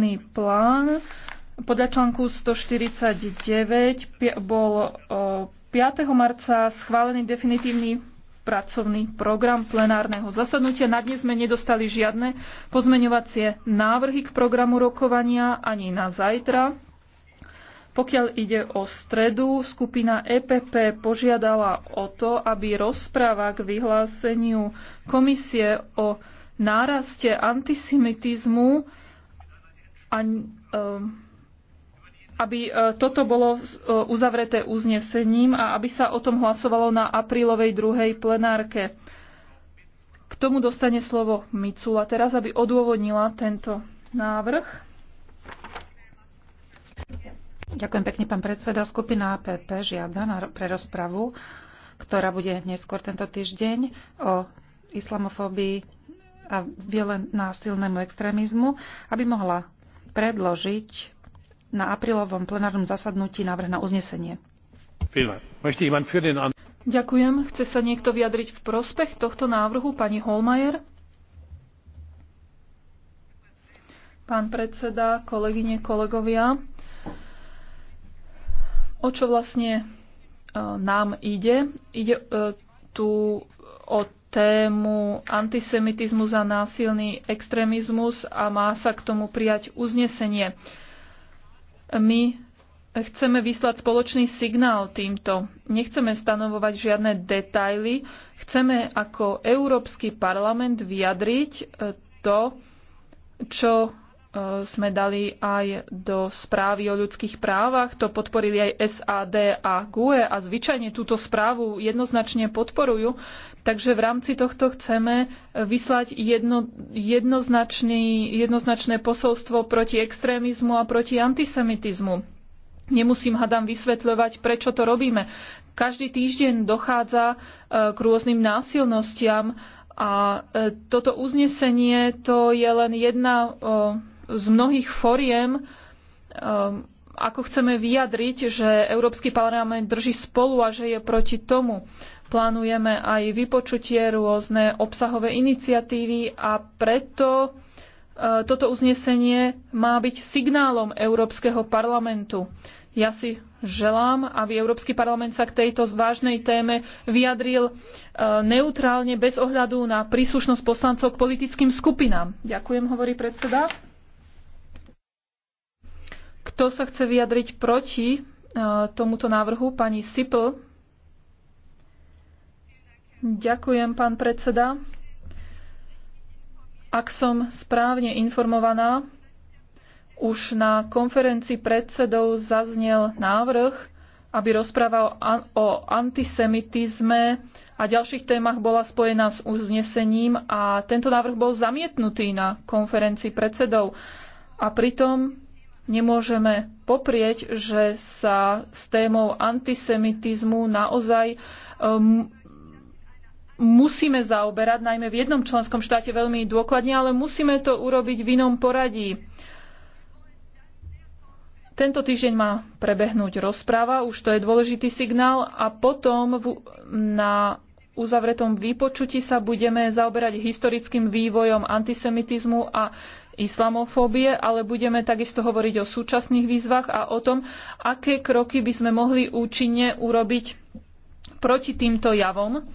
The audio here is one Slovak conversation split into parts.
akčný plán podľa článku 149 bol 5. marca schválený definitívny pracovný program plenárneho zasadnutia. Na dnes sme nedostali žiadne pozmeňovacie návrhy k programu rokovania ani na zajtra. Pokiaľ ide o stredu, skupina EPP požiadala o to, aby rozpráva k vyhláseniu komisie o náraste antisemitizmu a ehm, aby e, toto bolo e, uzavreté uznesením a aby sa o tom hlasovalo na aprílovej druhej plenárke. K tomu dostane slovo Micula teraz, aby odôvodnila tento návrh. Ďakujem pekne, pán predseda. Skupina APP žiada na, pre rozpravu, ktorá bude neskôr tento týždeň, o islamofóbii a násilnému extrémizmu, aby mohla predložiť na aprílovom plenárnom zasadnutí návrh na uznesenie. Ďakujem. Chce sa niekto vyjadriť v prospech tohto návrhu, pani Holmajer? Pán predseda, kolegyne, kolegovia, o čo vlastne e, nám ide? Ide e, tu o tému antisemitizmus a násilný extrémizmus a má sa k tomu prijať uznesenie. My chceme vyslať spoločný signál týmto. Nechceme stanovovať žiadne detaily. Chceme ako Európsky parlament vyjadriť eh, to, čo Eh, sme dali aj do správy o ľudských právach. To podporili aj SAD a GUE a zvyčajne túto správu jednoznačne podporujú. Takže v rámci tohto chceme vyslať jedno, jednoznačné posolstvo proti extrémizmu a proti antisemitizmu. Nemusím hadám vysvetľovať, prečo to robíme. Každý týždeň dochádza eh, k rôznym násilnostiam a eh, toto uznesenie to je len jedna z mnohých foriem, um, ako chceme vyjadriť, že Európsky parlament drží spolu a že je proti tomu. Plánujeme aj vypočutie rôzne obsahové iniciatívy a preto uh, toto uznesenie má byť signálom Európskeho parlamentu. Ja si želám, aby Európsky parlament sa k tejto vážnej téme vyjadril uh, neutrálne bez ohľadu na príslušnosť poslancov k politickým skupinám. Ďakujem, hovorí predseda. Kto sa chce vyjadriť proti e, tomuto návrhu? Pani Sipl. Ďakujem, pán predseda. Ak som správne informovaná, už na konferencii predsedov zaznel návrh, aby rozpráva o antisemitizme a ďalších témach bola spojená s uznesením a tento návrh bol zamietnutý na konferencii predsedov. A pritom nemôžeme poprieť, že sa s témou antisemitizmu naozaj um, musíme zaoberať, najmä v jednom členskom štáte veľmi dôkladne, ale musíme to urobiť v inom poradí. Tento týždeň má prebehnúť rozpráva, už to je dôležitý signál a potom v, na uzavretom výpočutí sa budeme zaoberať historickým vývojom antisemitizmu a islamofóbie, ale budeme takisto hovoriť o súčasných výzvach a o tom, aké kroky by sme mohli účinne urobiť proti týmto javom.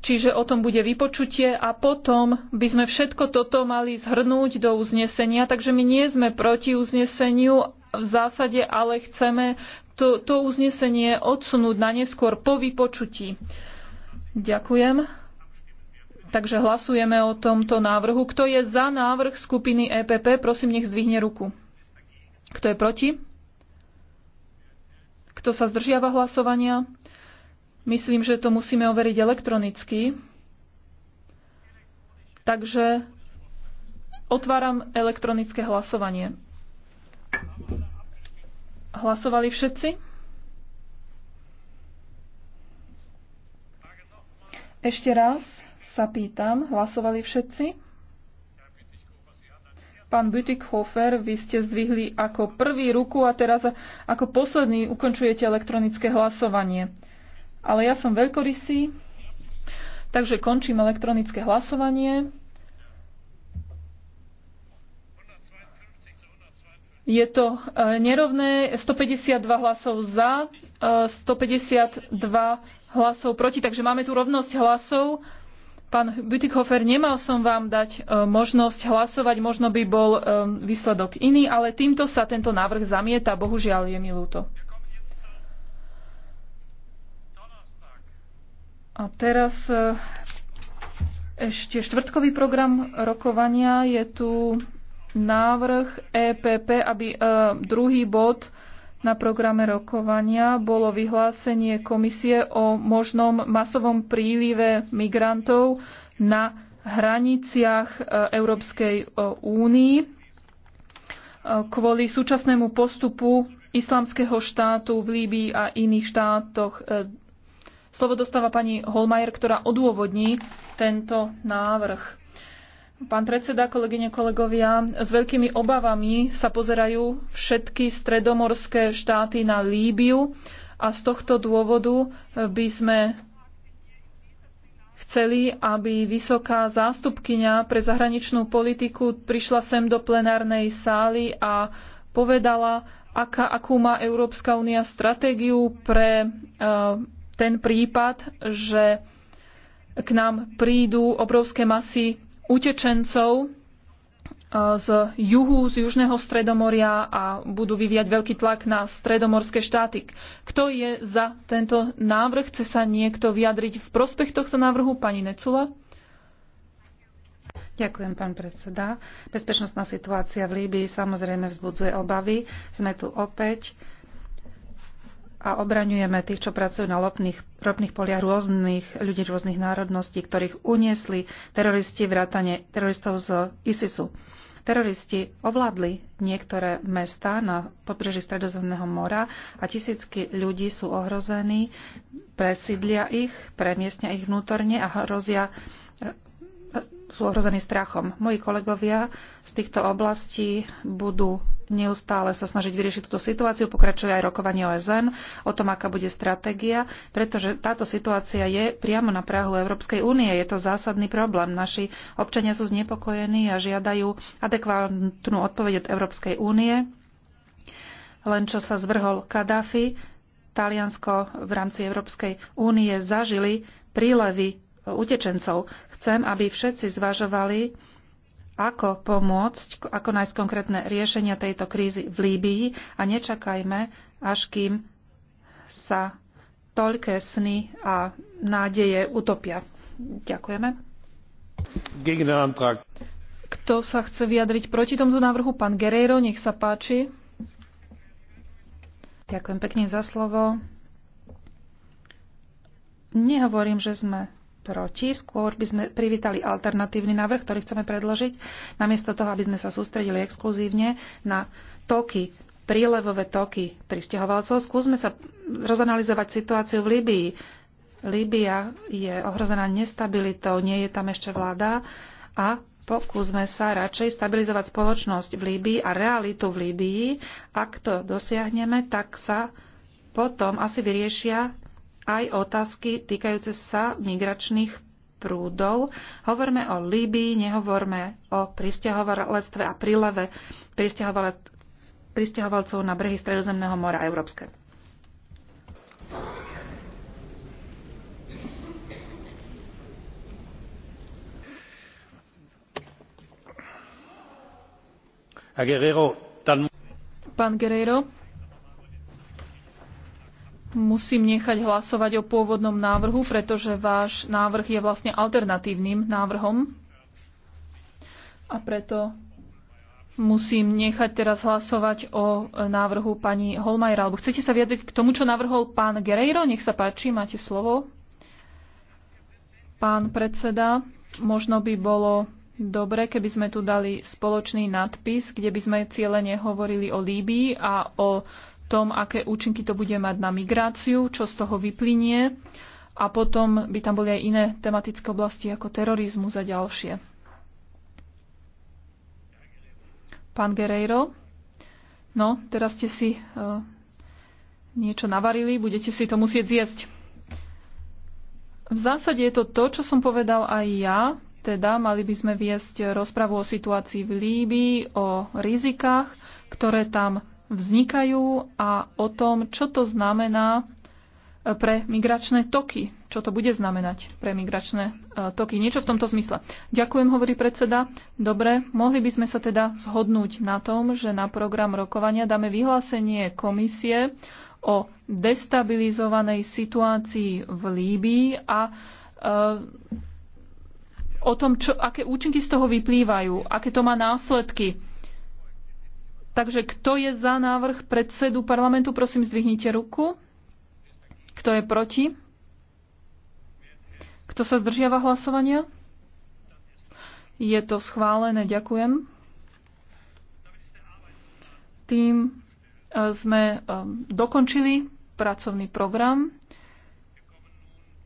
Čiže o tom bude vypočutie a potom by sme všetko toto mali zhrnúť do uznesenia. Takže my nie sme proti uzneseniu v zásade, ale chceme to, to uznesenie odsunúť na neskôr po vypočutí. Ďakujem. Takže hlasujeme o tomto návrhu. Kto je za návrh skupiny EPP, prosím, nech zdvihne ruku. Kto je proti? Kto sa zdržiava hlasovania? Myslím, že to musíme overiť elektronicky. Takže otváram elektronické hlasovanie. Hlasovali všetci? Ešte raz sa pýtam, hlasovali všetci? Pán Bütikhofer, vy ste zdvihli ako prvý ruku a teraz ako posledný ukončujete elektronické hlasovanie. Ale ja som veľkorysý, takže končím elektronické hlasovanie. Je to eh, nerovné 152 hlasov za, 152 eh, hlasov proti, takže máme tu rovnosť hlasov. Pán Bütikofer, nemal som vám dať e, možnosť hlasovať, možno by bol e, výsledok iný, ale týmto sa tento návrh zamieta. Bohužiaľ, je mi ľúto. A teraz e, ešte štvrtkový program rokovania. Je tu návrh EPP, aby druhý bod na programe rokovania bolo vyhlásenie komisie o možnom masovom prílive migrantov na hraniciach e, Európskej e, únii e, kvôli súčasnému postupu islamského štátu v Líbii a iných štátoch. Slovo dostáva pani Holmajer, ktorá odôvodní tento návrh. Pán predseda, kolegyne, kolegovia, s veľkými obavami sa pozerajú všetky stredomorské štáty na Líbiu a z tohto dôvodu eh, by sme chceli, aby vysoká zástupkyňa pre zahraničnú politiku prišla sem do plenárnej sály a povedala, aká, akú má Európska únia stratégiu pre eh, ten prípad, že k nám prídu obrovské masy utečencov e, z juhu, z južného stredomoria a budú vyvíjať veľký tlak na stredomorské štáty. Kto je za tento návrh? Chce sa niekto vyjadriť v prospech tohto návrhu? Pani Necula? Ďakujem, pán predseda. Bezpečnostná situácia v Líbii samozrejme vzbudzuje obavy. Sme tu opäť a obraňujeme tých, čo pracujú na lopných, ropných poliach rôznych ľudí rôznych národností, ktorých uniesli teroristi vrátane teroristov z ISISu. Teroristi ovládli niektoré mesta na pobreží Stredozemného mora a tisícky ľudí sú ohrození, presídlia ich, premiestnia ich vnútorne a hrozia sú ohrození strachom. Moji kolegovia z týchto oblastí budú neustále sa snažiť vyriešiť túto situáciu. Pokračuje aj rokovanie OSN o tom, aká bude stratégia, pretože táto situácia je priamo na Prahu Európskej únie. Je to zásadný problém. Naši občania sú znepokojení a žiadajú adekvátnu odpoveď od Európskej únie. Len čo sa zvrhol Kadáfi, Taliansko v rámci Európskej únie zažili prílevy utečencov. Chcem, aby všetci zvažovali, ako pomôcť, ako nájsť konkrétne riešenia tejto krízy v Líbii a nečakajme, až kým sa toľké sny a nádeje utopia. Ďakujeme. Kto sa chce vyjadriť proti tomuto návrhu? Pán Guerreiro, nech sa páči. Ďakujem pekne za slovo. Nehovorím, že sme proti. Skôr by sme privítali alternatívny návrh, ktorý chceme predložiť, namiesto toho, aby sme sa sústredili exkluzívne na toky, prílevové toky pristahovalcov. Skúsme sa rozanalizovať situáciu v Líbii. Líbia je ohrozená nestabilitou, nie je tam ešte vláda a pokúsme sa radšej stabilizovať spoločnosť v Líbii a realitu v Líbii. Ak to dosiahneme, tak sa potom asi vyriešia aj otázky týkajúce sa migračných prúdov. Hovorme o Líbii, nehovorme o pristahovalectve a príleve pristahovalcov na brehy Stredozemného mora Európske. Pán Guerrero, musím nechať hlasovať o pôvodnom návrhu, pretože váš návrh je vlastne alternatívnym návrhom. A preto musím nechať teraz hlasovať o návrhu pani Holmajera. Alebo chcete sa vyjadriť k tomu, čo navrhol pán Gerejro? Nech sa páči, máte slovo. Pán predseda, možno by bolo dobre, keby sme tu dali spoločný nadpis, kde by sme cieľene hovorili o Líbii a o tom, aké účinky to bude mať na migráciu, čo z toho vyplynie a potom by tam boli aj iné tematické oblasti ako terorizmus a ďalšie. Pán Guerreiro, no, teraz ste si uh, niečo navarili, budete si to musieť zjesť. V zásade je to to, čo som povedal aj ja, teda mali by sme viesť rozpravu o situácii v Líbii, o rizikách, ktoré tam vznikajú a o tom, čo to znamená e, pre migračné toky. Čo to bude znamenať pre migračné e, toky. Niečo v tomto zmysle. Ďakujem, hovorí predseda. Dobre, mohli by sme sa teda zhodnúť na tom, že na program rokovania dáme vyhlásenie komisie o destabilizovanej situácii v Líbii a e, o tom, čo, aké účinky z toho vyplývajú, aké to má následky Takže kto je za návrh predsedu parlamentu, prosím, zdvihnite ruku. Kto je proti? Kto sa zdržiava hlasovania? Je to schválené, ďakujem. Tým e, sme e, dokončili pracovný program.